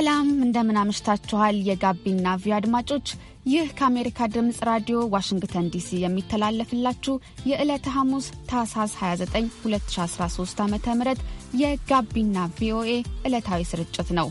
ሰላም እንደምን አምሽታችኋል። የጋቢና ቪዮ አድማጮች ይህ ከአሜሪካ ድምፅ ራዲዮ ዋሽንግተን ዲሲ የሚተላለፍላችሁ የዕለተ ሐሙስ ታህሳስ 29 2013 ዓ ም የጋቢና ቪኦኤ ዕለታዊ ስርጭት ነው።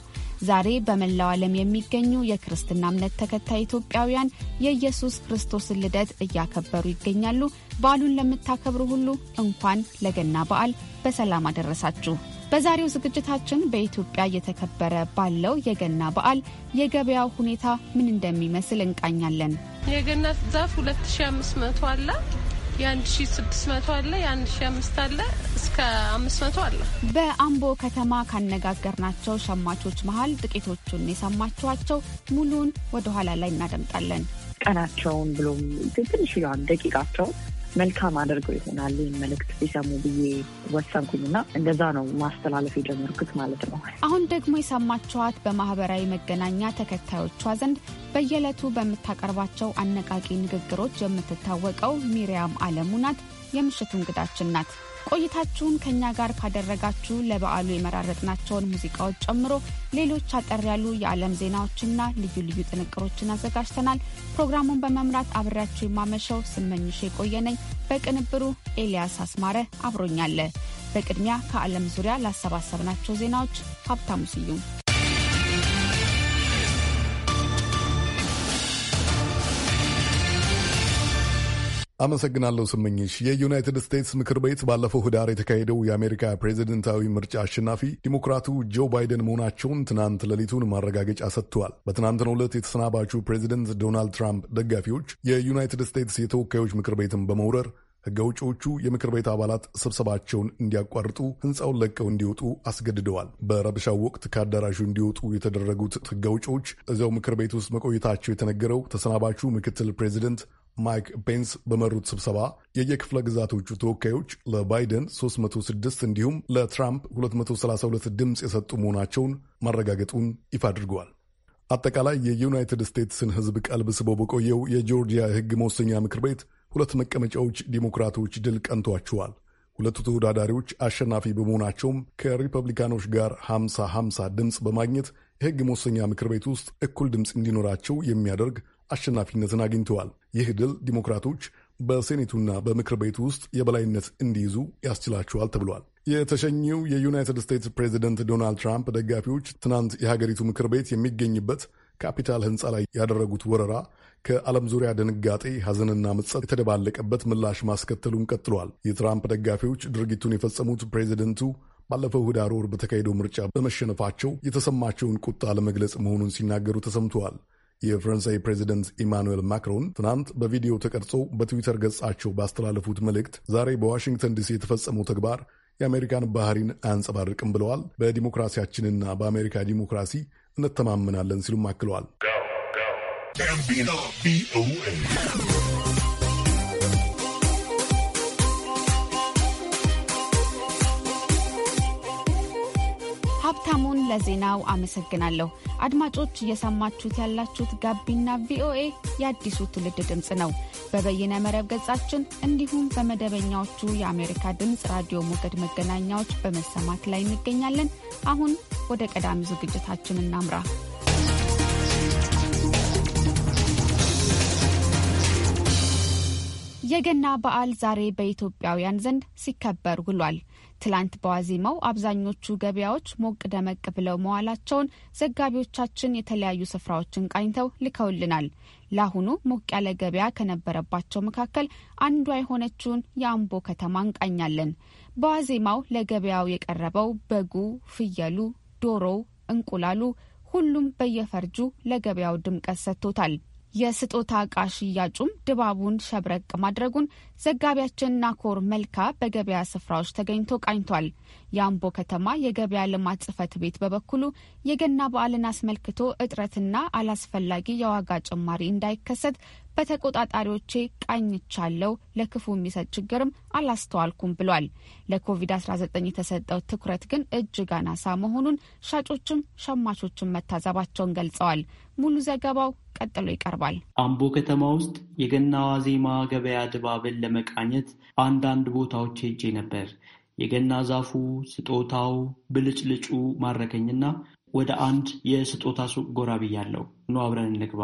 ዛሬ በመላው ዓለም የሚገኙ የክርስትና እምነት ተከታይ ኢትዮጵያውያን የኢየሱስ ክርስቶስን ልደት እያከበሩ ይገኛሉ። በዓሉን ለምታከብሩ ሁሉ እንኳን ለገና በዓል በሰላም አደረሳችሁ። በዛሬው ዝግጅታችን በኢትዮጵያ እየተከበረ ባለው የገና በዓል የገበያው ሁኔታ ምን እንደሚመስል እንቃኛለን። የገና ዛፍ 2500 አለ፣ የ1600 አለ፣ የ1500 አለ፣ እስከ 500 አለ። በአምቦ ከተማ ካነጋገርናቸው ሸማቾች መሀል ጥቂቶቹን የሰማችኋቸው። ሙሉን ወደ ኋላ ላይ እናደምጣለን። ቀናቸውን ብሎም ትንሽ ደቂቃቸውን መልካም አድርገው ይሆናል ይህን መልእክት ሲሰሙ ብዬ ወሰንኩኝና እንደዛ ነው ማስተላለፍ የጀመርኩት ማለት ነው። አሁን ደግሞ የሰማችኋት በማህበራዊ መገናኛ ተከታዮቿ ዘንድ በየዕለቱ በምታቀርባቸው አነቃቂ ንግግሮች የምትታወቀው ሚሪያም አለሙ ናት። የምሽቱ እንግዳችን ናት። ቆይታችሁን ከእኛ ጋር ካደረጋችሁ ለበዓሉ የመራረጥናቸውን ሙዚቃዎች ጨምሮ ሌሎች አጠር ያሉ የዓለም ዜናዎችና ልዩ ልዩ ጥንቅሮችን አዘጋጅተናል። ፕሮግራሙን በመምራት አብሬያችሁ የማመሸው ስመኝሽ የቆየነኝ፣ በቅንብሩ ኤልያስ አስማረ አብሮኛለ። በቅድሚያ ከዓለም ዙሪያ ላሰባሰብናቸው ዜናዎች ሀብታሙ ስዩም አመሰግናለሁ ስመኝሽ። የዩናይትድ ስቴትስ ምክር ቤት ባለፈው ህዳር የተካሄደው የአሜሪካ ፕሬዚደንታዊ ምርጫ አሸናፊ ዲሞክራቱ ጆ ባይደን መሆናቸውን ትናንት ሌሊቱን ማረጋገጫ ሰጥተዋል። በትናንትናው ዕለት የተሰናባቹ ፕሬዚደንት ዶናልድ ትራምፕ ደጋፊዎች የዩናይትድ ስቴትስ የተወካዮች ምክር ቤትን በመውረር ህገ ውጪዎቹ የምክር ቤት አባላት ስብሰባቸውን እንዲያቋርጡ ሕንፃውን ለቀው እንዲወጡ አስገድደዋል። በረብሻው ወቅት ከአዳራሹ እንዲወጡ የተደረጉት ህገ ውጪዎች እዚያው ምክር ቤት ውስጥ መቆየታቸው የተነገረው ተሰናባቹ ምክትል ፕሬዚደንት ማይክ ፔንስ በመሩት ስብሰባ የየክፍለ ግዛቶቹ ተወካዮች ለባይደን 306 እንዲሁም ለትራምፕ 232 ድምፅ የሰጡ መሆናቸውን ማረጋገጡን ይፋ አድርገዋል። አጠቃላይ የዩናይትድ ስቴትስን ሕዝብ ቀልብ ስቦ በቆየው የጆርጂያ ሕግ መወሰኛ ምክር ቤት ሁለት መቀመጫዎች ዲሞክራቶች ድል ቀንቷቸዋል። ሁለቱ ተወዳዳሪዎች አሸናፊ በመሆናቸውም ከሪፐብሊካኖች ጋር 50 50 ድምፅ በማግኘት የሕግ መወሰኛ ምክር ቤት ውስጥ እኩል ድምፅ እንዲኖራቸው የሚያደርግ አሸናፊነትን አግኝተዋል። ይህ ድል ዲሞክራቶች በሴኔቱና በምክር ቤቱ ውስጥ የበላይነት እንዲይዙ ያስችላቸዋል ተብሏል። የተሸኘው የዩናይትድ ስቴትስ ፕሬዚደንት ዶናልድ ትራምፕ ደጋፊዎች ትናንት የሀገሪቱ ምክር ቤት የሚገኝበት ካፒታል ሕንፃ ላይ ያደረጉት ወረራ ከዓለም ዙሪያ ድንጋጤ፣ ሐዘንና ምጸት የተደባለቀበት ምላሽ ማስከተሉን ቀጥሏል። የትራምፕ ደጋፊዎች ድርጊቱን የፈጸሙት ፕሬዚደንቱ ባለፈው ህዳር ወር በተካሄደው ምርጫ በመሸነፋቸው የተሰማቸውን ቁጣ ለመግለጽ መሆኑን ሲናገሩ ተሰምተዋል። የፈረንሳይ ፕሬዚደንት ኢማኑኤል ማክሮን ትናንት በቪዲዮ ተቀርጾ በትዊተር ገጻቸው ባስተላለፉት መልእክት ዛሬ በዋሽንግተን ዲሲ የተፈጸመው ተግባር የአሜሪካን ባህሪን አያንጸባርቅም ብለዋል። በዲሞክራሲያችንና በአሜሪካ ዲሞክራሲ እንተማመናለን ሲሉም አክለዋል። ሀብታሙን ለዜናው አመሰግናለሁ። አድማጮች እየሰማችሁት ያላችሁት ጋቢና ቪኦኤ የአዲሱ ትውልድ ድምፅ ነው። በበይነ መረብ ገጻችን እንዲሁም በመደበኛዎቹ የአሜሪካ ድምፅ ራዲዮ ሞገድ መገናኛዎች በመሰማት ላይ እንገኛለን። አሁን ወደ ቀዳሚው ዝግጅታችን እናምራ። የገና በዓል ዛሬ በኢትዮጵያውያን ዘንድ ሲከበር ውሏል። ትላንት በዋዜማው አብዛኞቹ ገበያዎች ሞቅ ደመቅ ብለው መዋላቸውን ዘጋቢዎቻችን የተለያዩ ስፍራዎችን ቃኝተው ልከውልናል። ለአሁኑ ሞቅ ያለ ገበያ ከነበረባቸው መካከል አንዷ የሆነችውን የአምቦ ከተማ እንቃኛለን። በዋዜማው ለገበያው የቀረበው በጉ፣ ፍየሉ፣ ዶሮው፣ እንቁላሉ ሁሉም በየፈርጁ ለገበያው ድምቀት ሰጥቶታል። የስጦታ ዕቃ ሽያጩም ድባቡን ሸብረቅ ማድረጉን ዘጋቢያችን ናኮር መልካ በገበያ ስፍራዎች ተገኝቶ ቃኝቷል። የአምቦ ከተማ የገበያ ልማት ጽህፈት ቤት በበኩሉ የገና በዓልን አስመልክቶ እጥረትና አላስፈላጊ የዋጋ ጭማሪ እንዳይከሰት በተቆጣጣሪዎቼ ቃኝቻለው፣ ለክፉ የሚሰጥ ችግርም አላስተዋልኩም ብሏል። ለኮቪድ-19 የተሰጠው ትኩረት ግን እጅግ አናሳ መሆኑን ሻጮችም ሸማቾችም መታዘባቸውን ገልጸዋል። ሙሉ ዘገባው ቀጥሎ ይቀርባል። አምቦ ከተማ ውስጥ የገና ዋዜማ ገበያ ድባብን ለመቃኘት አንዳንድ ቦታዎች ሄጄ ነበር። የገና ዛፉ፣ ስጦታው፣ ብልጭልጩ ማረከኝና ወደ አንድ የስጦታ ሱቅ ጎራ ብያለሁ። ኑ አብረን እንግባ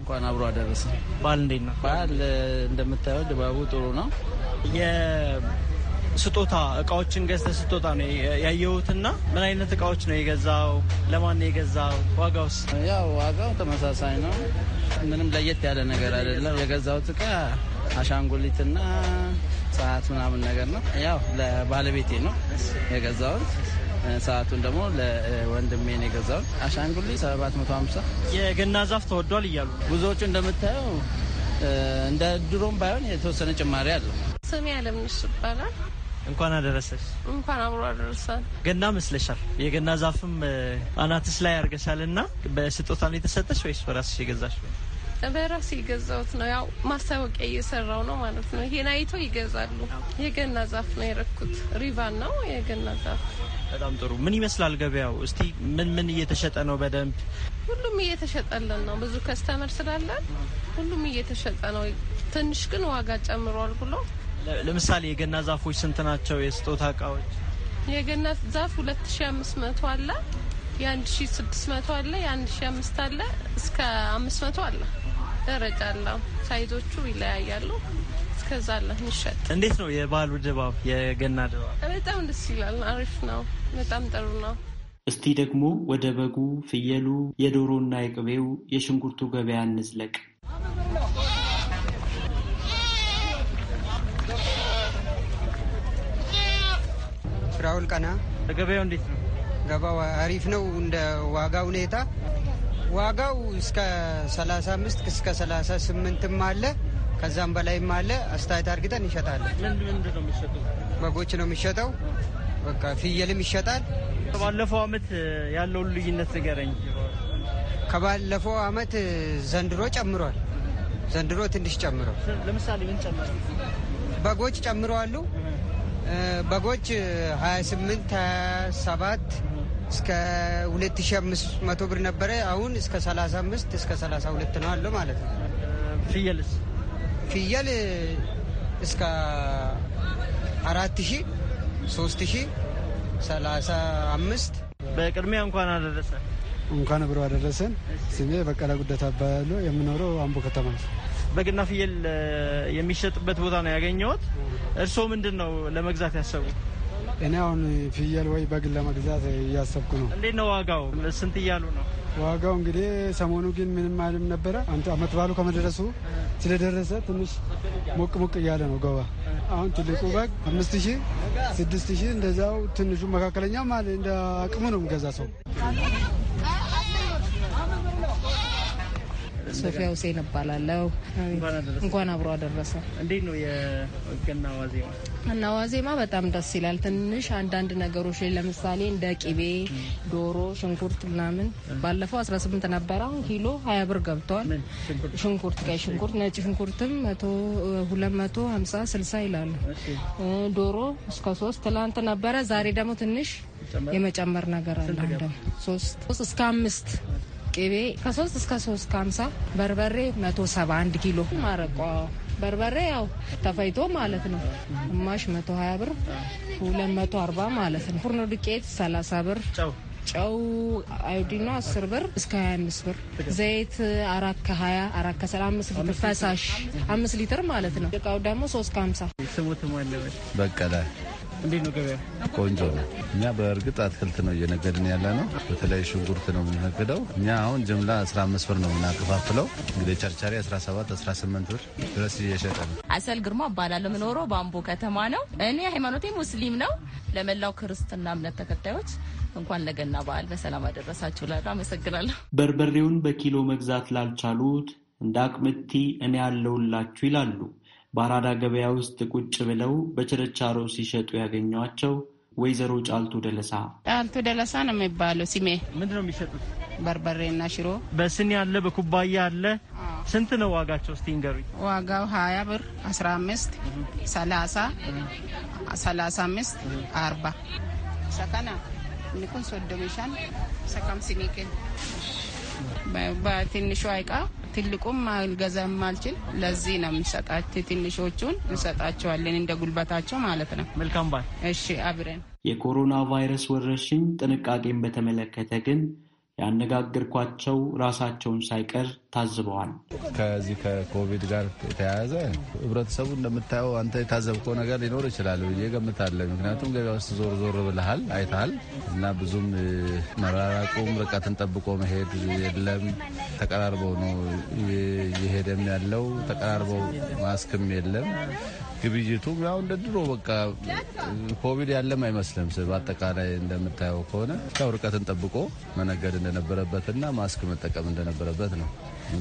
እንኳን አብሮ አደረሰ። በዓል እንዴት ነው? በዓል እንደምታየው ድባቡ ጥሩ ነው። የስጦታ እቃዎችን ገዝተ ስጦታ ነው ያየሁትና፣ ምን አይነት እቃዎች ነው የገዛው? ለማን ነው የገዛው? ዋጋውስ? ያው ዋጋው ተመሳሳይ ነው። ምንም ለየት ያለ ነገር አይደለም። የገዛሁት እቃ አሻንጉሊትና ሰዓት ምናምን ነገር ነው። ያው ለባለቤቴ ነው የገዛሁት። ሰዓቱን ደግሞ ለወንድሜ ነው የገዛሁት። አሻንጉሊት 750 የገና ዛፍ ተወዷል እያሉ ብዙዎቹ እንደምታየው እንደ ድሮም ባይሆን የተወሰነ ጭማሪ አለው። ስሜ አለምነሽ ይባላል። እንኳን አደረሰሽ። እንኳን አብሮ አደረሳል። ገና መስለሻል። የገና ዛፍም አናትስ ላይ አርገሻል እና በስጦታ ነው የተሰጠሽ ወይስ በራስሽ የገዛሽ? በራሴ የገዛሁት ነው። ያው ማስታወቂያ እየሰራው ነው ማለት ነው። ይሄን አይቶ ይገዛሉ። የገና ዛፍ ነው የረኩት። ሪቫን ነው የገና ዛፍ። በጣም ጥሩ። ምን ይመስላል ገበያው? እስቲ ምን ምን እየተሸጠ ነው? በደንብ ሁሉም እየተሸጠልን ነው። ብዙ ከስተመር ስላለን ሁሉም እየተሸጠ ነው። ትንሽ ግን ዋጋ ጨምሯል ብሎ ለምሳሌ የገና ዛፎች ስንት ናቸው? የስጦታ እቃዎች የገና ዛፍ ሁለት ሺ አምስት መቶ አለ የአንድ ሺ ስድስት መቶ አለ የአንድ ሺ አምስት አለ እስከ አምስት መቶ አለ ደረጃ አለው። ሳይዞቹ ይለያያሉ። እስከዛ አለ ይሸጥ። እንዴት ነው የበዓሉ ድባብ? የገና ድባብ በጣም ደስ ይላል። አሪፍ ነው። በጣም ጥሩ ነው። እስቲ ደግሞ ወደ በጉ፣ ፍየሉ፣ የዶሮና የቅቤው የሽንኩርቱ ገበያ እንዝለቅ። ራውል ቀና ገበያው እንዴት ነው? ገባው አሪፍ ነው። እንደ ዋጋ ሁኔታ ዋጋው እስከ 35 እስከ 38ም አለ ከዛም በላይም አለ። አስተያየት አድርግተን እንሸጣለን። በጎች ነው የሚሸጠው፣ በቃ ፍየልም ይሸጣል። ባለፈው አመት ያለውን ልዩነት ንገረኝ። ከባለፈው አመት ዘንድሮ ጨምሯል። ዘንድሮ ትንሽ ጨምሯል። ለምሳሌ ምን ጨምሯል? በጎች ጨምረዋሉ። በጎች 28 27 እስከ 2500 ብር ነበረ። አሁን እስከ 35 እስከ 32 ነው አለው ማለት ነው። ፍየልስ ፍየል እስከ 4000 3000 35 በቅድሚያ እንኳን አደረሰ እንኳን ብሮ አደረሰን። ስሜ በቀለ ጉደታ እባላለሁ። የምኖረው አምቦ ከተማ ነው። በግና ፍየል የሚሸጥበት ቦታ ነው ያገኘሁት። እርስዎ ምንድን ነው ለመግዛት ያሰቡት? እኔ አሁን ፍየል ወይ በግ ለመግዛት እያሰብኩ ነው። እንዴት ነው ዋጋው? ስንት እያሉ ነው? ዋጋው እንግዲህ ሰሞኑ ግን ምንም አይልም ነበረ። አመት ባሉ ከመደረሱ ስለደረሰ ትንሽ ሞቅ ሞቅ እያለ ነው ገባ። አሁን ትልቁ በግ አምስት ሺህ ስድስት ሺህ እንደዛው፣ ትንሹ መካከለኛ ማለት እንደ አቅሙ ነው የሚገዛ ሰው ሶፊያ ሁሴን እባላለሁ። እንኳን አብሮ አደረሰ። እንዴት ነው የገና ዋዜማ? እና ዋዜማ በጣም ደስ ይላል። ትንሽ አንዳንድ ነገሮች ላይ ለምሳሌ እንደ ቂቤ፣ ዶሮ፣ ሽንኩርት ምናምን ባለፈው 18 ነበረ ኪሎ 20 ብር ገብቷል። ሽንኩርት ቀይ ሽንኩርት ነጭ ሽንኩርትም 250 60 ይላሉ። ዶሮ እስከ ሶስት ትላንት ነበረ ዛሬ ደግሞ ትንሽ የመጨመር ነገር አለ እንደው ሶስት እስከ አምስት ቅቤ ከሶስት እስከ ሶስት በርበሬ መቶ ሰባ አንድ ኪሎ ማረቋ በርበሬ ያው ተፈይቶ ማለት ነው። ግማሽ መቶ ሀያ ብር ሁለት መቶ አርባ ማለት ነው። ፉርኖ ዱቄት ሰላሳ ብር ጨው አዮዲኖ አስር ብር እስከ ሀያ አምስት ብር ዘይት አራት ከሀያ አራት ከሰላ አምስት ሊትር ፈሳሽ አምስት ሊትር ማለት ነው። እቃው ደግሞ ሶስት ከሀምሳ ስሙት በቀለ እንዴት ነው ገበያ? ቆንጆ ነው። እኛ በእርግጥ አትክልት ነው እየነገድን ያለ ነው። በተለይ ሽንኩርት ነው የምንነግደው። እኛ አሁን ጅምላ 15 ብር ነው የምናከፋፍለው። እንግዲህ ቸርቻሪ 17 18 ብር ድረስ እየሸጠ ነው። አሰል ግርማ እባላለሁ። የምኖረው በአምቦ ከተማ ነው። እኔ ሃይማኖቴ ሙስሊም ነው። ለመላው ክርስትና እምነት ተከታዮች እንኳን ለገና በዓል በሰላም አደረሳችሁ ላ አመሰግናለሁ። በርበሬውን በኪሎ መግዛት ላልቻሉት እንደ አቅምቲ እኔ ያለውላችሁ ይላሉ በአራዳ ገበያ ውስጥ ቁጭ ብለው በችርቻሮ ሲሸጡ ያገኟቸው ወይዘሮ ጫልቱ ደለሳ ጫልቱ ደለሳ ነው የሚባለው ሲሜ ምንድን ነው የሚሸጡት? በርበሬና ሽሮ በስኒ አለ፣ በኩባያ አለ። ስንት ነው ዋጋቸው? እስቲ ንገሩኝ። ዋጋው ሀያ ብር፣ አስራ አምስት ሰላሳ ሰላሳ አምስት አርባ ሰከና ንኩን ሶዶሜሻን ሰካም ሲኒቄ በትንሿ አይቃ ትልቁም አልገዛም አልችል። ለዚህ ነው የምንሰጣት ትንሾቹን እንሰጣቸዋለን እንደ ጉልበታቸው ማለት ነው። መልካም ባል። እሺ አብረን የኮሮና ቫይረስ ወረርሽኝ ጥንቃቄን በተመለከተ ግን ያነጋገርኳቸው ራሳቸውን ሳይቀር ታዝበዋል። ከዚህ ከኮቪድ ጋር የተያያዘ ህብረተሰቡ እንደምታየው አንተ የታዘብከው ነገር ሊኖር ይችላል ብዬ ገምታለሁ። ምክንያቱም ገበያ ውስጥ ዞር ዞር ብለሃል፣ አይተሃል እና ብዙም መራራቁም ርቀትን ጠብቆ መሄድ የለም። ተቀራርበው ነው እየሄደም ያለው ተቀራርበው ማስክም የለም ግብይቱ ያው እንደ ድሮ በቃ ኮቪድ ያለም አይመስልም። በአጠቃላይ እንደምታየው ከሆነ ያው ርቀትን ጠብቆ መነገድ እንደነበረበትና ማስክ መጠቀም እንደነበረበት ነው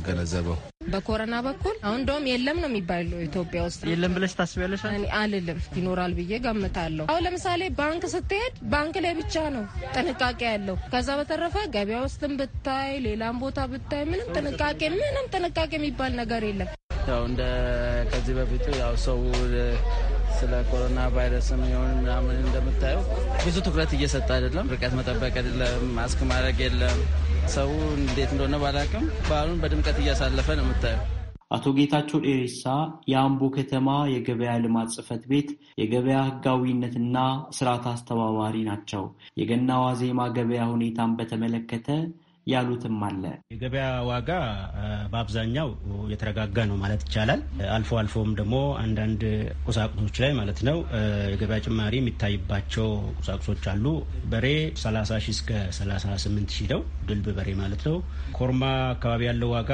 ገነዘበው። በኮረና በኩል አሁን እንደውም የለም ነው የሚባለው ኢትዮጵያ ውስጥ የለም ብለሽ ታስቢያለሽ? አልልም ይኖራል ብዬ ገምታለሁ። አሁን ለምሳሌ ባንክ ስትሄድ ባንክ ላይ ብቻ ነው ጥንቃቄ ያለው። ከዛ በተረፈ ገበያ ውስጥም ብታይ፣ ሌላም ቦታ ብታይ ምንም ጥንቃቄ ምንም ጥንቃቄ የሚባል ነገር የለም። ያው እንደ ከዚህ በፊቱ ያው ሰው ስለ ኮሮና ቫይረስም የሆን ምናምን እንደምታየው ብዙ ትኩረት እየሰጠ አይደለም። ርቀት መጠበቅ አይደለም፣ ማስክ ማድረግ የለም። ሰው እንዴት እንደሆነ ባላቅም በዓሉን በድምቀት እያሳለፈ ነው የምታየው። አቶ ጌታቸው ዴሬሳ የአምቦ ከተማ የገበያ ልማት ጽህፈት ቤት የገበያ ህጋዊነትና ስርዓት አስተባባሪ ናቸው። የገና ዋዜማ ገበያ ሁኔታን በተመለከተ ያሉትም አለ። የገበያ ዋጋ በአብዛኛው የተረጋጋ ነው ማለት ይቻላል። አልፎ አልፎም ደግሞ አንዳንድ ቁሳቁሶች ላይ ማለት ነው የገበያ ጭማሪ የሚታይባቸው ቁሳቁሶች አሉ። በሬ 30 እስከ 38 ሺ ነው ድልብ በሬ ማለት ነው። ኮርማ አካባቢ ያለው ዋጋ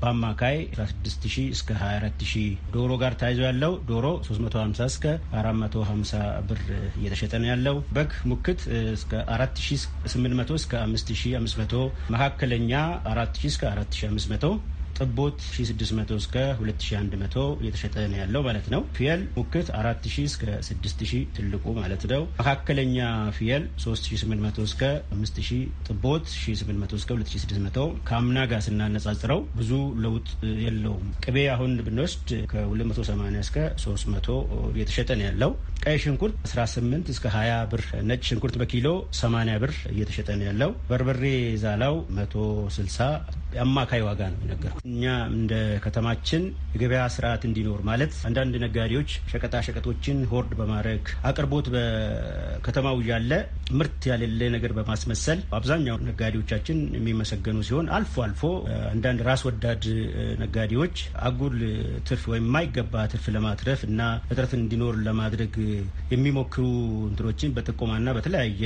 በአማካይ 16 እስከ 24 ዶሮ ጋር ታይዞ ያለው ዶሮ 350 እስከ 450 ብር እየተሸጠ ነው ያለው። በግ ሙክት እስከ 4800 እስከ 5500 መካከለኛ 4000 እስከ 4500 ጥቦት 1600 እስከ 2100 እየተሸጠ ነው ያለው ማለት ነው። ፍየል ሙክት 4000 እስከ 6000 ትልቁ ማለት ነው። መካከለኛ ፍየል 3800 እስከ 5000፣ ጥቦት 1800 እስከ 2600። ከአምና ጋር ስናነጻጽረው ብዙ ለውጥ የለውም። ቅቤ አሁን ብንወስድ ከ280 እስከ 300 እየተሸጠ ነው ያለው። ቀይ ሽንኩርት 18 እስከ 20 ብር፣ ነጭ ሽንኩርት በኪሎ 80 ብር እየተሸጠ ነው ያለው። በርበሬ ዛላው 160 አማካይ ዋጋ ነው የነገርኩት። እኛ እንደ ከተማችን የገበያ ስርዓት እንዲኖር ማለት አንዳንድ ነጋዴዎች ሸቀጣ ሸቀጦችን ሆርድ በማድረግ አቅርቦት በከተማው ያለ ምርት ያሌለ ነገር በማስመሰል አብዛኛው ነጋዴዎቻችን የሚመሰገኑ ሲሆን አልፎ አልፎ አንዳንድ ራስ ወዳድ ነጋዴዎች አጉል ትርፍ ወይም የማይገባ ትርፍ ለማትረፍ እና እጥረት እንዲኖር ለማድረግ የሚሞክሩ እንትኖችን በጥቆማና በተለያየ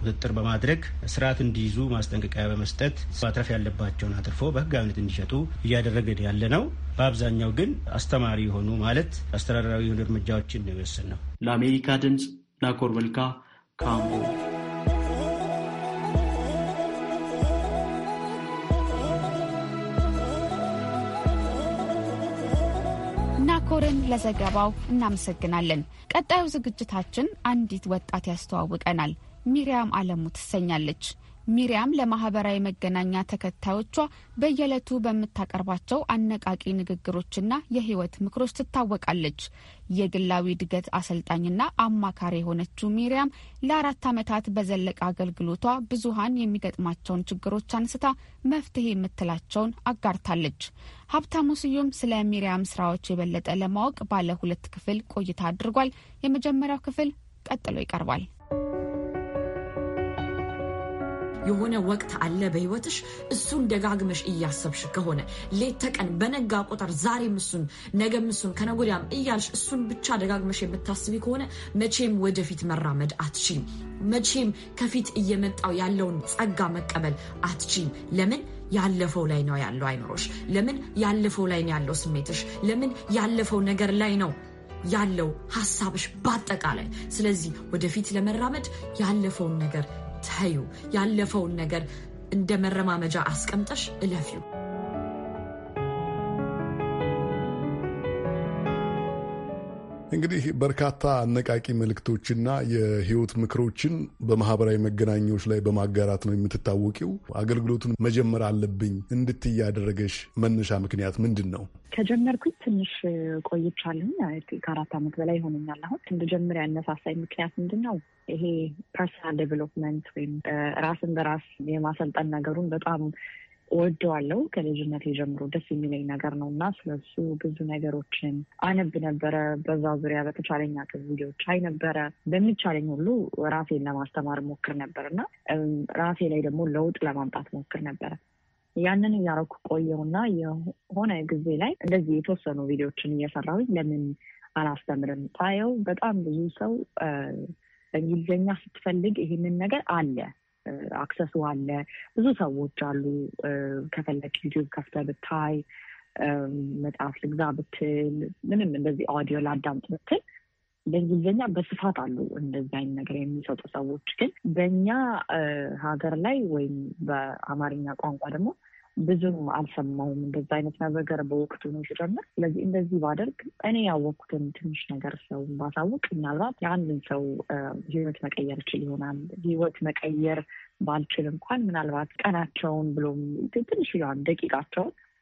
ቁጥጥር በማድረግ ስርዓት እንዲይዙ ማስጠንቀቂያ በመስጠት ማትረፍ ያለባቸውን አትርፎ በህጋዊነት እንዲሸጡ እያደረገን ያለ ነው። በአብዛኛው ግን አስተማሪ የሆኑ ማለት አስተዳደራዊ የሆኑ እርምጃዎችን ነው የወሰን ነው። ለአሜሪካ ድምፅ ናኮር መልካ ካምቦ ኮርን ለዘገባው እናመሰግናለን። ቀጣዩ ዝግጅታችን አንዲት ወጣት ያስተዋውቀናል። ሚሪያም አለሙ ትሰኛለች። ሚሪያም ለማህበራዊ መገናኛ ተከታዮቿ በየዕለቱ በምታቀርባቸው አነቃቂ ንግግሮችና የህይወት ምክሮች ትታወቃለች። የግላዊ እድገት አሰልጣኝና አማካሪ የሆነችው ሚሪያም ለአራት ዓመታት በዘለቀ አገልግሎቷ ብዙሀን የሚገጥማቸውን ችግሮች አንስታ መፍትሄ የምትላቸውን አጋርታለች። ሀብታሙ ስዩም ስለ ሚሪያም ስራዎች የበለጠ ለማወቅ ባለ ሁለት ክፍል ቆይታ አድርጓል። የመጀመሪያው ክፍል ቀጥሎ ይቀርባል። የሆነ ወቅት አለ በህይወትሽ። እሱን ደጋግመሽ እያሰብሽ ከሆነ ሌት ተቀን በነጋ ቁጥር ዛሬ ምሱን ነገ ምሱን ከነገ ወዲያም እያልሽ እሱን ብቻ ደጋግመሽ የምታስቢ ከሆነ መቼም ወደፊት መራመድ አትችም። መቼም ከፊት እየመጣው ያለውን ጸጋ መቀበል አትችም። ለምን? ያለፈው ላይ ነው ያለው አይምሮሽ። ለምን? ያለፈው ላይ ነው ያለው ስሜትሽ። ለምን? ያለፈው ነገር ላይ ነው ያለው ሀሳብሽ በአጠቃላይ። ስለዚህ ወደፊት ለመራመድ ያለፈውን ነገር ተዩ። ያለፈውን ነገር እንደ መረማመጃ አስቀምጠሽ እለፊው። እንግዲህ በርካታ አነቃቂ መልእክቶችና የህይወት ምክሮችን በማህበራዊ መገናኛዎች ላይ በማጋራት ነው የምትታወቂው። አገልግሎቱን መጀመር አለብኝ እንድት ያደረገሽ መነሻ ምክንያት ምንድን ነው? ከጀመርኩኝ ትንሽ ቆይቻለሁ። ከአራት ዓመት በላይ ይሆነኛል። አሁን እንድጀምር ያነሳሳኝ ምክንያት ምንድን ነው? ይሄ ፐርሰናል ዴቨሎፕመንት ወይም ራስን በራስ የማሰልጠን ነገሩን በጣም ወደዋለው ከልጅነት ጀምሮ ደስ የሚለኝ ነገር ነው እና ስለሱ ብዙ ነገሮችን አነብ ነበረ። በዛ ዙሪያ በተቻለኝ አቅም ቪዲዮዎች አይ ነበረ። በሚቻለኝ ሁሉ ራሴን ለማስተማር ሞክር ነበር እና ራሴ ላይ ደግሞ ለውጥ ለማምጣት ሞክር ነበረ። ያንን እያረኩ ቆየውና የሆነ ጊዜ ላይ እንደዚህ የተወሰኑ ቪዲዮዎችን እየሰራሁኝ ለምን አላስተምርም? ታየው በጣም ብዙ ሰው በእንግሊዝኛ ስትፈልግ ይህንን ነገር አለ አክሰሱ አለ። ብዙ ሰዎች አሉ። ከፈለግ ዩቲዩብ ከፍተ ብታይ፣ መጽሐፍ ልግዛ ብትል፣ ምንም እንደዚህ ኦዲዮ ላዳምጥ ብትል በእንግሊዝኛ በስፋት አሉ እንደዚህ አይነት ነገር የሚሰጡ ሰዎች። ግን በእኛ ሀገር ላይ ወይም በአማርኛ ቋንቋ ደግሞ ብዙም አልሰማውም። እንደዚ አይነት ነገር በወቅቱ ነው ሲጀምር። ስለዚህ እንደዚህ ባደርግ እኔ ያወቅኩትን ትንሽ ነገር ሰው ባሳውቅ ምናልባት የአንድን ሰው ህይወት መቀየር ይችል ይሆናል። ህይወት መቀየር ባልችል እንኳን ምናልባት ቀናቸውን ብሎም ትንሽ ያን ደቂቃቸውን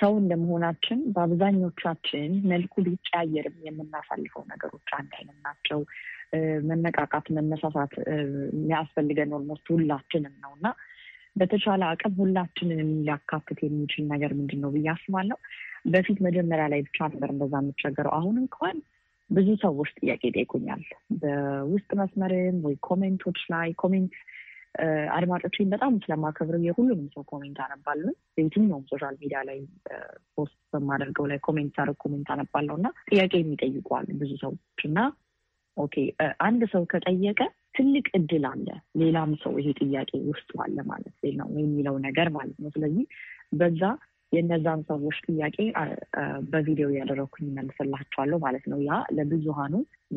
ሰው እንደመሆናችን በአብዛኞቻችን መልኩ ሊቀያየርም የምናሳልፈው ነገሮች አንድ አይነት ናቸው። መነቃቃት፣ መነሳሳት የሚያስፈልገን ኦልሞስት ሁላችንም ነው እና በተቻለ አቅም ሁላችንን ሊያካትት የሚችል ነገር ምንድን ነው ብዬ አስባለሁ። በፊት መጀመሪያ ላይ ብቻ ነበር እንደዛ የምቸገረው። አሁን እንኳን ብዙ ሰዎች ጥያቄ ጠይቁኛል፣ በውስጥ መስመርም ወይ ኮሜንቶች ላይ ኮሜንት አድማጮችን በጣም ስለማከብረው የሁሉንም ሰው ኮሜንት አነባለሁ። የትኛውም ሶሻል ሚዲያ ላይ ፖስት በማደርገው ላይ ኮሜንት ሳደርግ ኮሜንት አነባለሁ እና ጥያቄ የሚጠይቋል ብዙ ሰዎች እና ኦኬ አንድ ሰው ከጠየቀ ትልቅ እድል አለ ሌላም ሰው ይሄ ጥያቄ ውስጡ አለ ማለት ነው የሚለው ነገር ማለት ነው። ስለዚህ በዛ የእነዛን ሰዎች ጥያቄ በቪዲዮ ያደረግኩኝ መልስላቸዋለሁ ማለት ነው። ያ ለብዙሃኑ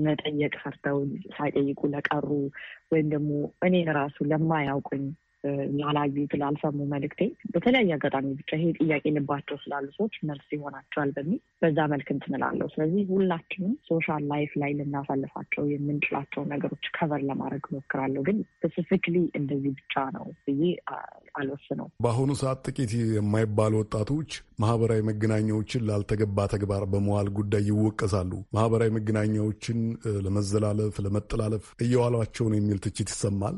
መጠየቅ ፈርተው ሳይጠይቁ ለቀሩ ወይም ደግሞ እኔን ራሱ ለማያውቁኝ ላላዩት ላልሰሙ መልእክቴ በተለያየ አጋጣሚ ብቻ ይሄ ጥያቄ ልባቸው ስላሉ ሰዎች መልስ ይሆናቸዋል በሚል በዛ መልክ እንትንላለው። ስለዚህ ሁላችንም ሶሻል ላይፍ ላይ ልናሳልፋቸው የምንችላቸው ነገሮች ከበር ለማድረግ ሞክራለሁ፣ ግን ስፔሲፊክሊ እንደዚህ ብቻ ነው ብዬ አልወስነው። በአሁኑ ሰዓት ጥቂት የማይባሉ ወጣቶች ማህበራዊ መገናኛዎችን ላልተገባ ተግባር በመዋል ጉዳይ ይወቀሳሉ። ማህበራዊ መገናኛዎችን ለመዘላለፍ፣ ለመጠላለፍ እየዋሏቸውን የሚል ትችት ይሰማል።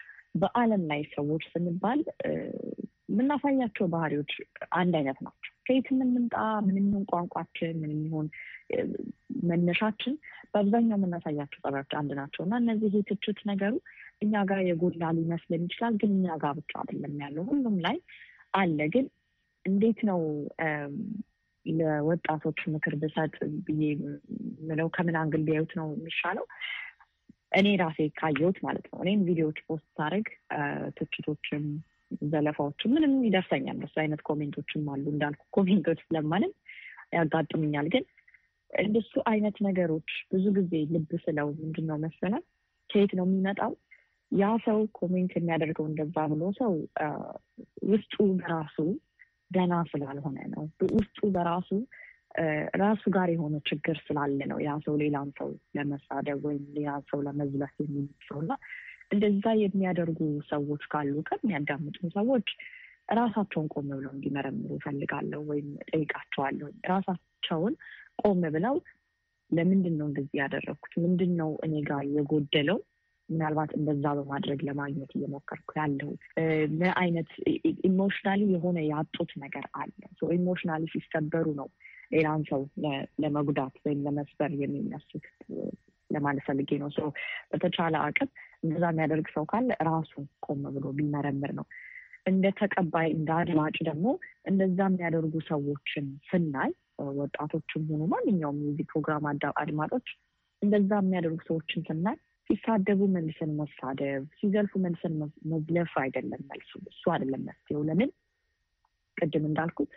በዓለም ላይ ሰዎች ስንባል የምናሳያቸው ባህሪዎች አንድ አይነት ናቸው። ከየት የምንምጣ ምን የሚሆን ቋንቋችን ምን የሚሆን መነሻችን በአብዛኛው የምናሳያቸው ጸባዮች አንድ ናቸው እና እነዚህ የትችት ነገሩ እኛ ጋር የጎላ ሊመስልን ይችላል፣ ግን እኛ ጋር ብቻ አይደለም ያለው ሁሉም ላይ አለ። ግን እንዴት ነው ለወጣቶች ምክር ብሰጥ ብዬ ምለው ከምን አንግል ቢያዩት ነው የሚሻለው? እኔ ራሴ ካየሁት ማለት ነው። እኔም ቪዲዮዎች ፖስት ሳደርግ ትችቶችም፣ ዘለፋዎችም ምንም ይደርሰኛል። እንደሱ አይነት ኮሜንቶችም አሉ እንዳልኩ ኮሜንቶች ስለማንም ያጋጥሙኛል። ግን እንደሱ አይነት ነገሮች ብዙ ጊዜ ልብ ስለው ምንድን ነው መሰላል ከየት ነው የሚመጣው? ያ ሰው ኮሜንት የሚያደርገው እንደዛ ብሎ ሰው ውስጡ በራሱ ደህና ስላልሆነ ነው። ውስጡ በራሱ ራሱ ጋር የሆነ ችግር ስላለ ነው ያ ሰው ሌላን ሰው ለመሳደብ ወይም ሌላ ሰው ለመዝለፍ የሚሰው እና እንደዛ የሚያደርጉ ሰዎች ካሉ ቀን የሚያዳምጡ ሰዎች ራሳቸውን ቆም ብለው እንዲመረምሩ ይፈልጋለሁ ወይም ጠይቃቸዋለሁ። ራሳቸውን ቆም ብለው ለምንድን ነው እንደዚህ ያደረግኩት? ምንድን ነው እኔ ጋር የጎደለው? ምናልባት እንደዛ በማድረግ ለማግኘት እየሞከርኩ ያለሁት ምን አይነት ኢሞሽናሊ የሆነ ያጡት ነገር አለ? ኢሞሽናሊ ሲሰበሩ ነው ሌላን ሰው ለመጉዳት ወይም ለመስበር የሚነሱት ለማለት ፈልጌ ነው። በተቻለ አቅም እንደዛ የሚያደርግ ሰው ካለ ራሱ ቆም ብሎ ቢመረምር ነው። እንደ ተቀባይ እንደ አድማጭ ደግሞ እንደዛ የሚያደርጉ ሰዎችን ስናይ፣ ወጣቶችም ሆኑ ማንኛውም የዚህ ፕሮግራም አድማጮች እንደዛ የሚያደርጉ ሰዎችን ስናይ ሲሳደቡ መልስን መሳደብ፣ ሲዘልፉ መልስን መዝለፍ አይደለም መልሱ። እሱ አይደለም መፍትሄው። ለምን ቅድም እንዳልኩት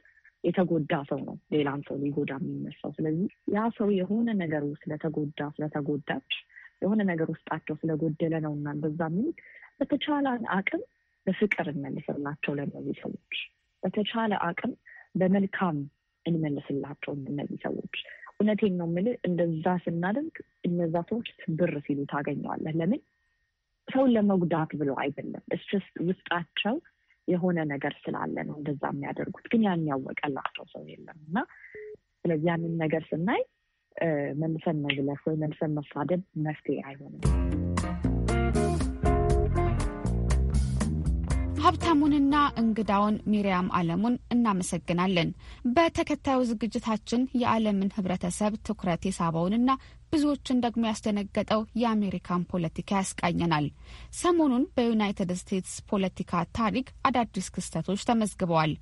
የተጎዳ ሰው ነው ሌላን ሰው ሊጎዳ የሚነሳው። ስለዚህ ያ ሰው የሆነ ነገር ስለተጎዳ ስለተጎዳች የሆነ ነገር ውስጣቸው ስለጎደለ ነው እና በዛ ሚል በተቻለ አቅም በፍቅር እንመልስላቸው ለእነዚህ ሰዎች በተቻለ አቅም በመልካም እንመልስላቸው እነዚህ ሰዎች። እውነቴን ነው የምልህ፣ እንደዛ ስናደርግ እነዛ ሰዎች ትብር ሲሉ ታገኘዋለህ። ለምን ሰውን ለመጉዳት ብሎ አይደለም። እስስ ውስጣቸው የሆነ ነገር ስላለ ነው እንደዛ የሚያደርጉት። ግን ያን ያወቀላቸው ሰው የለም እና ስለዚህ ያንን ነገር ስናይ መልሰን መግለፍ ወይ መልሰን መሳደብ መፍትሄ አይሆንም። ሀብታሙንና እንግዳውን ሚሪያም አለሙን እናመሰግናለን። በተከታዩ ዝግጅታችን የዓለምን ህብረተሰብ ትኩረት የሳበውንና ብዙዎችን ደግሞ ያስደነገጠው የአሜሪካን ፖለቲካ ያስቃኘናል። ሰሞኑን በዩናይትድ ስቴትስ ፖለቲካ ታሪክ አዳዲስ ክስተቶች ተመዝግበዋል።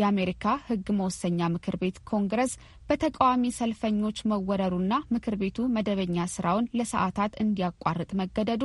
የአሜሪካ ሕግ መወሰኛ ምክር ቤት ኮንግረስ በተቃዋሚ ሰልፈኞች መወረሩና ምክር ቤቱ መደበኛ ስራውን ለሰዓታት እንዲያቋርጥ መገደዱ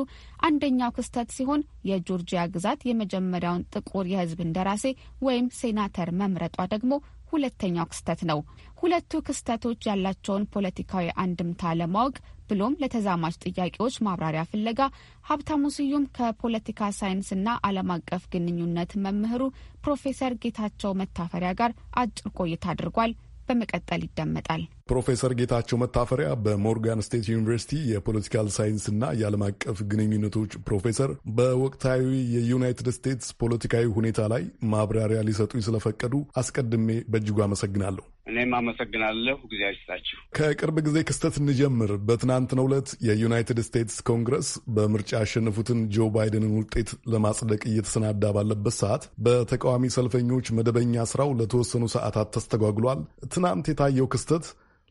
አንደኛው ክስተት ሲሆን የጆርጂያ ግዛት የመጀመሪያውን ጥቁር የህዝብ እንደራሴ ወይም ሴናተር መምረጧ ደግሞ ሁለተኛው ክስተት ነው። ሁለቱ ክስተቶች ያላቸውን ፖለቲካዊ አንድምታ ለማወቅ ብሎም ለተዛማጅ ጥያቄዎች ማብራሪያ ፍለጋ ሀብታሙ ስዩም ከፖለቲካ ሳይንስና ዓለም አቀፍ ግንኙነት መምህሩ ፕሮፌሰር ጌታቸው መታፈሪያ ጋር አጭር ቆይታ አድርጓል። በመቀጠል ይደመጣል። ፕሮፌሰር ጌታቸው መታፈሪያ በሞርጋን ስቴት ዩኒቨርሲቲ የፖለቲካል ሳይንስ እና የዓለም አቀፍ ግንኙነቶች ፕሮፌሰር በወቅታዊ የዩናይትድ ስቴትስ ፖለቲካዊ ሁኔታ ላይ ማብራሪያ ሊሰጡኝ ስለፈቀዱ አስቀድሜ በእጅጉ አመሰግናለሁ። እኔም አመሰግናለሁ። ጊዜ አይስጣችሁ። ከቅርብ ጊዜ ክስተት እንጀምር። በትናንትናው ዕለት የዩናይትድ ስቴትስ ኮንግረስ በምርጫ ያሸነፉትን ጆ ባይደንን ውጤት ለማጽደቅ እየተሰናዳ ባለበት ሰዓት በተቃዋሚ ሰልፈኞች መደበኛ ስራው ለተወሰኑ ሰዓታት ተስተጓጉሏል። ትናንት የታየው ክስተት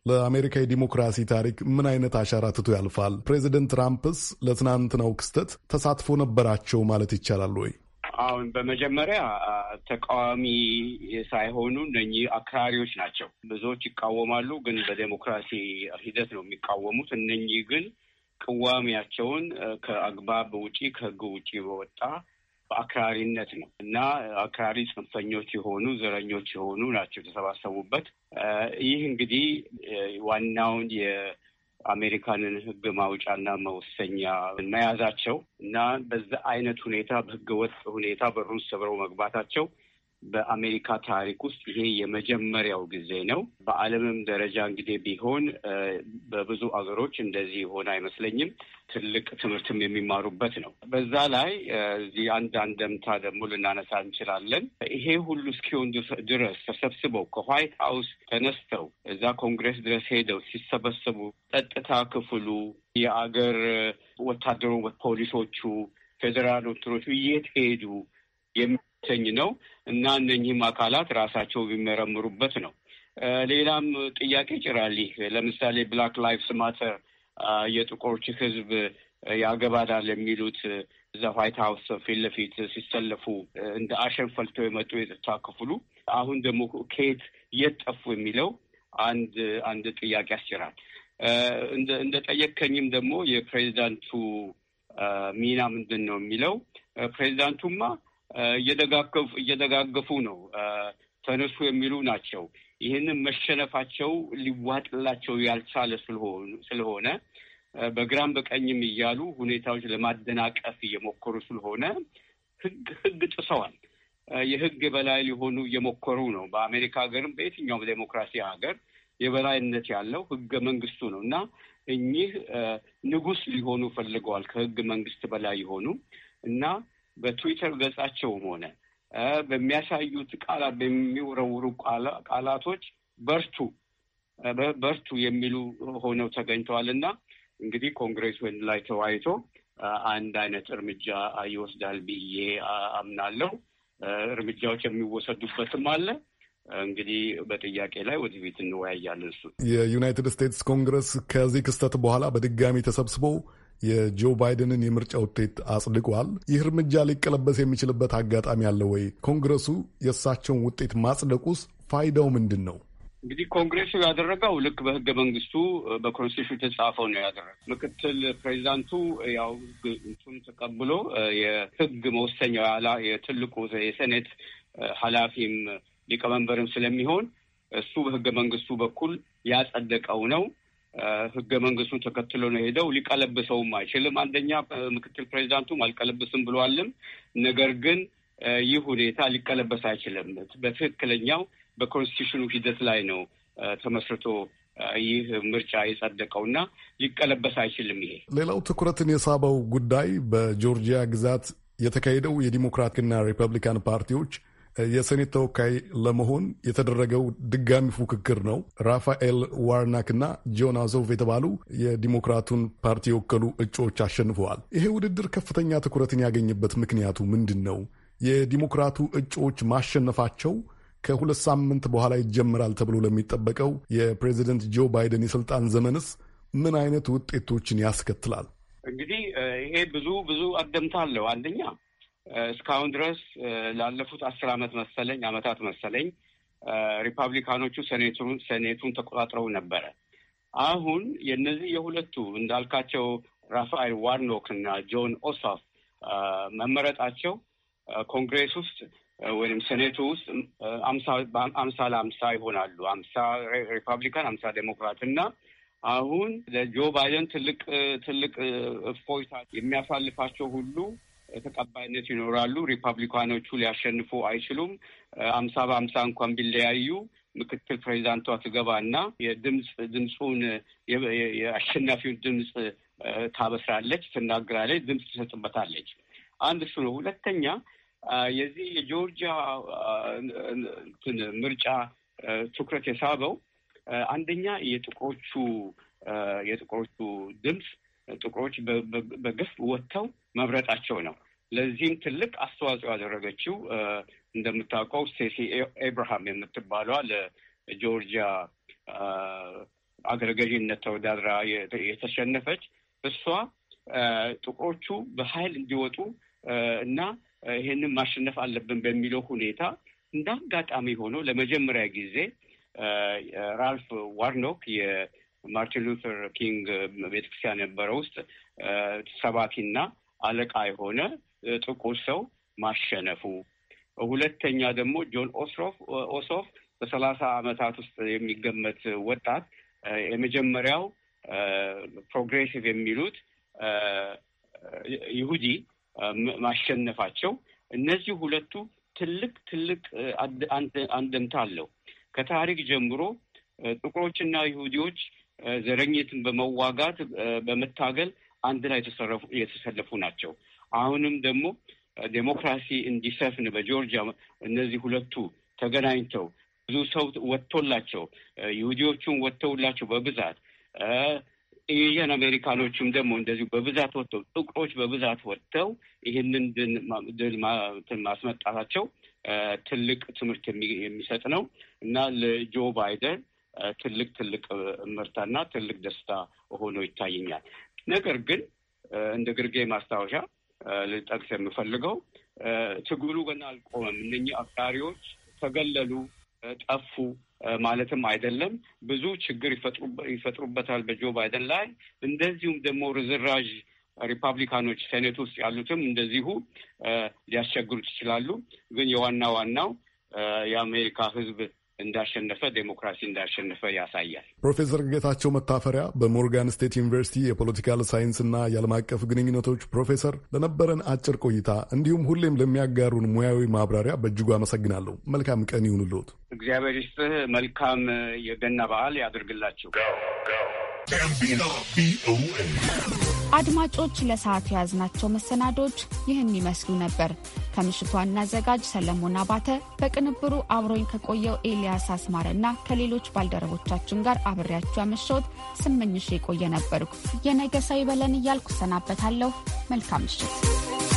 ለአሜሪካ የዲሞክራሲ ታሪክ ምን አይነት አሻራ ትቶ ያልፋል? ፕሬዚደንት ትራምፕስ ለትናንትናው ክስተት ተሳትፎ ነበራቸው ማለት ይቻላል ወይ? አሁን በመጀመሪያ ተቃዋሚ ሳይሆኑ እነኚህ አክራሪዎች ናቸው። ብዙዎች ይቃወማሉ፣ ግን በዴሞክራሲ ሂደት ነው የሚቃወሙት። እነኚህ ግን ቅዋሚያቸውን ከአግባብ ውጪ ከህግ ውጪ በወጣ አክራሪነት ነው እና አክራሪ ጽንፈኞች የሆኑ ዘረኞች የሆኑ ናቸው የተሰባሰቡበት። ይህ እንግዲህ ዋናውን የአሜሪካንን ሕግ ማውጫና መወሰኛ መያዛቸው እና በዛ አይነት ሁኔታ በህገወጥ ወጥ ሁኔታ በሩን ሰብረው መግባታቸው በአሜሪካ ታሪክ ውስጥ ይሄ የመጀመሪያው ጊዜ ነው። በዓለምም ደረጃ እንግዲህ ቢሆን በብዙ አገሮች እንደዚህ የሆነ አይመስለኝም። ትልቅ ትምህርትም የሚማሩበት ነው። በዛ ላይ እዚህ አንድ አንደምታ ደግሞ ልናነሳ እንችላለን። ይሄ ሁሉ እስኪሆን ድረስ ተሰብስበው ከዋይት ሀውስ ተነስተው እዛ ኮንግሬስ ድረስ ሄደው ሲሰበሰቡ ጸጥታ ክፍሉ የአገር ወታደሮ፣ ፖሊሶቹ፣ ፌዴራል ወታደሮቹ የት ሄዱ የሚተኝ ነው እና እነኚህም አካላት ራሳቸው ቢመረምሩበት ነው። ሌላም ጥያቄ ጭራል። ለምሳሌ ብላክ ላይፍስ ማተር የጥቁሮች ህዝብ ያገባዳል የሚሉት እዛ ዋይት ሀውስ ፊት ለፊት ሲሰለፉ እንደ አሸን ፈልተው የመጡ የጸጥታ ክፍሉ አሁን ደግሞ ከየት የት ጠፉ የሚለው አንድ አንድ ጥያቄ ያስጭራል። እንደ ጠየከኝም ደግሞ የፕሬዚዳንቱ ሚና ምንድን ነው የሚለው ፕሬዚዳንቱማ እየደጋገፉ ነው። ተነሱ የሚሉ ናቸው። ይህንን መሸነፋቸው ሊዋጥላቸው ያልቻለ ስለሆነ በግራም በቀኝም እያሉ ሁኔታዎች ለማደናቀፍ እየሞከሩ ስለሆነ ህግ ህግ ጥሰዋል። የህግ የበላይ ሊሆኑ እየሞከሩ ነው። በአሜሪካ ሀገርም በየትኛውም ዴሞክራሲ ሀገር የበላይነት ያለው ህገ መንግስቱ ነው እና እኚህ ንጉስ ሊሆኑ ፈልገዋል ከህገ መንግስት በላይ የሆኑ እና በትዊተር ገጻቸውም ሆነ በሚያሳዩት ቃላት በሚወረውሩ ቃላቶች በርቱ በርቱ የሚሉ ሆነው ተገኝተዋል እና እንግዲህ ኮንግሬስ ላይ ተወያይቶ አንድ አይነት እርምጃ ይወስዳል ብዬ አምናለሁ። እርምጃዎች የሚወሰዱበትም አለ። እንግዲህ በጥያቄ ላይ ወደፊት እንወያያለን። እሱ የዩናይትድ ስቴትስ ኮንግረስ ከዚህ ክስተት በኋላ በድጋሚ ተሰብስበው የጆ ባይደንን የምርጫ ውጤት አጽድቋል። ይህ እርምጃ ሊቀለበስ የሚችልበት አጋጣሚ አለ ወይ? ኮንግረሱ የእሳቸውን ውጤት ማጽደቁስ ፋይዳው ምንድን ነው? እንግዲህ ኮንግሬሱ ያደረገው ልክ በህገ መንግስቱ በኮንስቲቱሽን የተጻፈው ነው ያደረገው። ምክትል ፕሬዚዳንቱ ያው እንትን ተቀብሎ የህግ መወሰኛው ያላ የትልቁ የሴኔት ኃላፊም ሊቀመንበርም ስለሚሆን እሱ በህገ መንግስቱ በኩል ያጸደቀው ነው። ህገ መንግስቱን ተከትሎ ነው ሄደው ሊቀለብሰውም አይችልም። አንደኛ ምክትል ፕሬዚዳንቱም አልቀለብስም ብሏልም። ነገር ግን ይህ ሁኔታ ሊቀለበስ አይችልም። በትክክለኛው በኮንስቲቱሽኑ ሂደት ላይ ነው ተመስርቶ ይህ ምርጫ የጸደቀውና ሊቀለበስ አይችልም። ይሄ ሌላው ትኩረትን የሳበው ጉዳይ በጆርጂያ ግዛት የተካሄደው የዲሞክራትና ሪፐብሊካን ፓርቲዎች የሴኔት ተወካይ ለመሆን የተደረገው ድጋሚ ፉክክር ነው። ራፋኤል ዋርናክ እና ጆን አዞቭ የተባሉ የዲሞክራቱን ፓርቲ የወከሉ እጩዎች አሸንፈዋል። ይሄ ውድድር ከፍተኛ ትኩረትን ያገኘበት ምክንያቱ ምንድን ነው? የዲሞክራቱ እጩዎች ማሸነፋቸው ከሁለት ሳምንት በኋላ ይጀምራል ተብሎ ለሚጠበቀው የፕሬዚደንት ጆ ባይደን የስልጣን ዘመንስ ምን አይነት ውጤቶችን ያስከትላል? እንግዲህ ይሄ ብዙ ብዙ አደምታ አለው። አንደኛ እስካሁን ድረስ ላለፉት አስር አመት መሰለኝ አመታት መሰለኝ ሪፐብሊካኖቹ ሴኔቱን ሴኔቱን ተቆጣጥረው ነበረ። አሁን የነዚህ የሁለቱ እንዳልካቸው ራፋኤል ዋርኖክ እና ጆን ኦሳፍ መመረጣቸው ኮንግሬስ ውስጥ ወይም ሴኔቱ ውስጥ አምሳ ለአምሳ ይሆናሉ። አምሳ ሪፐብሊካን፣ አምሳ ዴሞክራት እና አሁን ለጆ ባይደን ትልቅ ትልቅ እፎይታ የሚያሳልፋቸው ሁሉ ተቀባይነት ይኖራሉ። ሪፐብሊካኖቹ ሊያሸንፉ አይችሉም። አምሳ በአምሳ እንኳን ቢለያዩ ምክትል ፕሬዚዳንቷ ትገባና የድምፅ ድምፁን የአሸናፊውን ድምፅ ታበስራለች፣ ትናገራለች፣ ድምፅ ትሰጥበታለች። አንድ እሱ ነው። ሁለተኛ የዚህ የጆርጂያ ምርጫ ትኩረት የሳበው አንደኛ የጥቁሮቹ የጥቁሮቹ ድምፅ ጥቁሮች በግፍ ወጥተው መምረጣቸው ነው። ለዚህም ትልቅ አስተዋጽኦ ያደረገችው እንደምታውቀው ስቴሲ ኤብርሃም የምትባለዋ ለጆርጂያ አገረ ገዥነት ተወዳድራ የተሸነፈች እሷ ጥቁሮቹ በኃይል እንዲወጡ እና ይህንን ማሸነፍ አለብን በሚለው ሁኔታ እንደ አጋጣሚ ሆኖ ለመጀመሪያ ጊዜ ራልፍ ዋርኖክ የማርቲን ሉተር ኪንግ ቤተክርስቲያን ነበረ ውስጥ ሰባኪና አለቃ የሆነ ጥቁር ሰው ማሸነፉ፣ ሁለተኛ ደግሞ ጆን ኦስሮፍ ኦሶፍ በሰላሳ አመታት ውስጥ የሚገመት ወጣት የመጀመሪያው ፕሮግሬሲቭ የሚሉት ይሁዲ ማሸነፋቸው እነዚህ ሁለቱ ትልቅ ትልቅ አንድምታ አለው። ከታሪክ ጀምሮ ጥቁሮችና ይሁዲዎች ዘረኝትን በመዋጋት በመታገል አንድ ላይ የተሰለፉ ናቸው። አሁንም ደግሞ ዴሞክራሲ እንዲሰፍን በጆርጂያ እነዚህ ሁለቱ ተገናኝተው ብዙ ሰው ወጥቶላቸው ይሁዲዎቹን ወጥተውላቸው በብዛት ኤዥያን አሜሪካኖችም ደግሞ እንደዚሁ በብዛት ወጥተው ጥቁሮች በብዛት ወጥተው ይህንን ድል ማስመጣታቸው ትልቅ ትምህርት የሚሰጥ ነው እና ለጆ ባይደን ትልቅ ትልቅ ምርታና ትልቅ ደስታ ሆኖ ይታየኛል። ነገር ግን እንደ ግርጌ ማስታወሻ ልጠቅስ የምፈልገው ችግሩ ገና አልቆመም። እነኚህ አፍቃሪዎች ተገለሉ፣ ጠፉ ማለትም አይደለም። ብዙ ችግር ይፈጥሩበታል በጆ ባይደን ላይ እንደዚሁም ደግሞ ርዝራዥ ሪፐብሊካኖች ሴኔት ውስጥ ያሉትም እንደዚሁ ሊያስቸግሩት ይችላሉ። ግን የዋና ዋናው የአሜሪካ ሕዝብ እንዳሸነፈ ዴሞክራሲ እንዳሸነፈ ያሳያል። ፕሮፌሰር ጌታቸው መታፈሪያ በሞርጋን ስቴት ዩኒቨርሲቲ የፖለቲካል ሳይንስና የዓለም አቀፍ ግንኙነቶች ፕሮፌሰር፣ ለነበረን አጭር ቆይታ እንዲሁም ሁሌም ለሚያጋሩን ሙያዊ ማብራሪያ በእጅጉ አመሰግናለሁ። መልካም ቀን ይሁንልዎት። እግዚአብሔር ይስጥህ። መልካም የገና በዓል ያድርግላችሁ። አድማጮች ለሰዓት የያዝናቸው መሰናዶች ይህን ይመስሉ ነበር። ከምሽቱ ዋና አዘጋጅ ሰለሞን አባተ፣ በቅንብሩ አብሮኝ ከቆየው ኤልያስ አስማረ ና ከሌሎች ባልደረቦቻችን ጋር አብሬያችሁ ያመሸሁት ስመኝሽ የቆየ ነበርኩ። የነገ ሰው ይበለን እያልኩ ሰናበታለሁ። መልካም ምሽት።